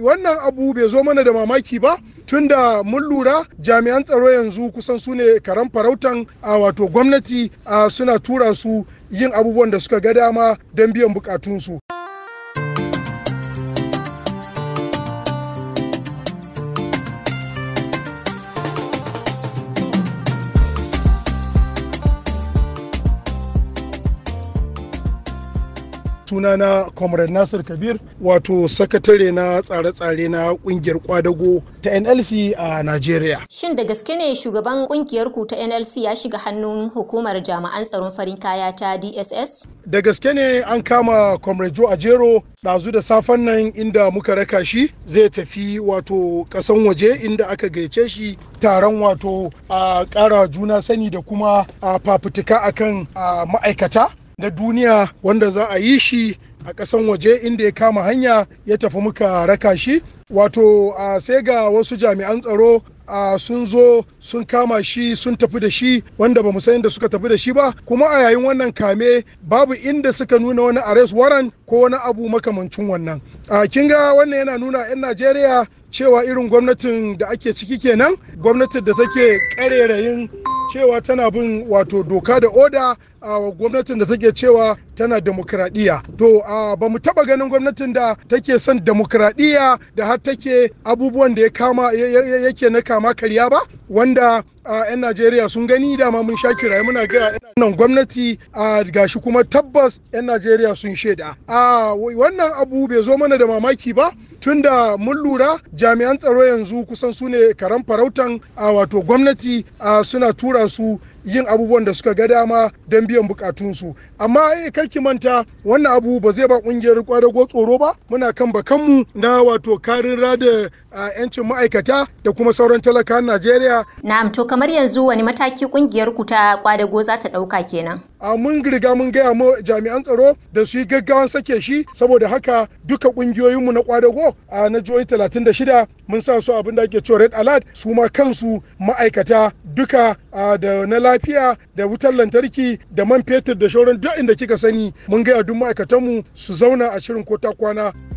wannan abu bai zo mana da mamaki ba tunda mun lura jami'an tsaro yanzu kusan su ne karan farautan a wato gwamnati suna tura su yin abubuwan da suka ga dama don biyan bukatunsu. sunana comrade nasir kabir wato sakatare na tsare-tsare na kungiyar kwadago ta nlc a nigeria shin da gaske ne shugaban kungiyar ku ta nlc ya shiga hannun hukumar jami'an tsaron farin kaya ta dss da gaske ne an kama comrade joe ajero ɗazu da safen nan inda muka raka shi zai tafi wato ƙasan waje inda aka gaice shi taron wato a ƙara juna sani da kuma a fafutuka akan ma'aikata na duniya wanda za a yi shi a ƙasan waje inda ya kama hanya ya tafi muka raka shi wato a sai ga wasu jami'an tsaro a sun zo sun kama shi sun tafi da shi wanda ba san da suka tafi da shi ba kuma a yayin wannan kame babu inda suka nuna wani arrest warrant ko wani abu makamancin wannan a kin ga wannan yana nuna 'yan najeriya cewa irin gwamnatin da ake ciki kenan gwamnatin da take ƙarerayin cewa tana bin wato doka da oda a gwamnatin da take cewa tana demokradiyya to ba mu taba ganin gwamnatin da take son demokradiyya da har take abubuwan da ya kama yake na kama karya ba wanda a 'yan najeriya sun gani dama mun sha kira muna ga nan gwamnati a gashi kuma tabbas 'yan najeriya sun shaida a wannan abu bai zo mana da mamaki ba tunda mun lura jami'an tsaro yanzu kusan su ne karan farautan a wato gwamnati suna tura su yin abubuwan da suka ga dama don biyan bukatunsu amma eh, karki manta wannan abu ba zai ba kungiyar kwadago tsoro ba muna kan bakanmu na wato karin rada 'yancin ma'aikata da kuma sauran talakan najeriya na kamar yanzu wani mataki kungiyar ku ta kwadago za ta dauka kenan a mun riga mun gaya ma jami'an tsaro da su yi gaggawan sake shi saboda haka duka kungiyoyinmu na kwadago a na joyi 36 mun sa su abin da ake cewa red alert su ma kansu ma'aikata duka da na lafiya da wutar lantarki da man fetur da shauran duk inda kika sani mun gaya duk ma'aikatanmu su zauna a shirin ko ta kwana.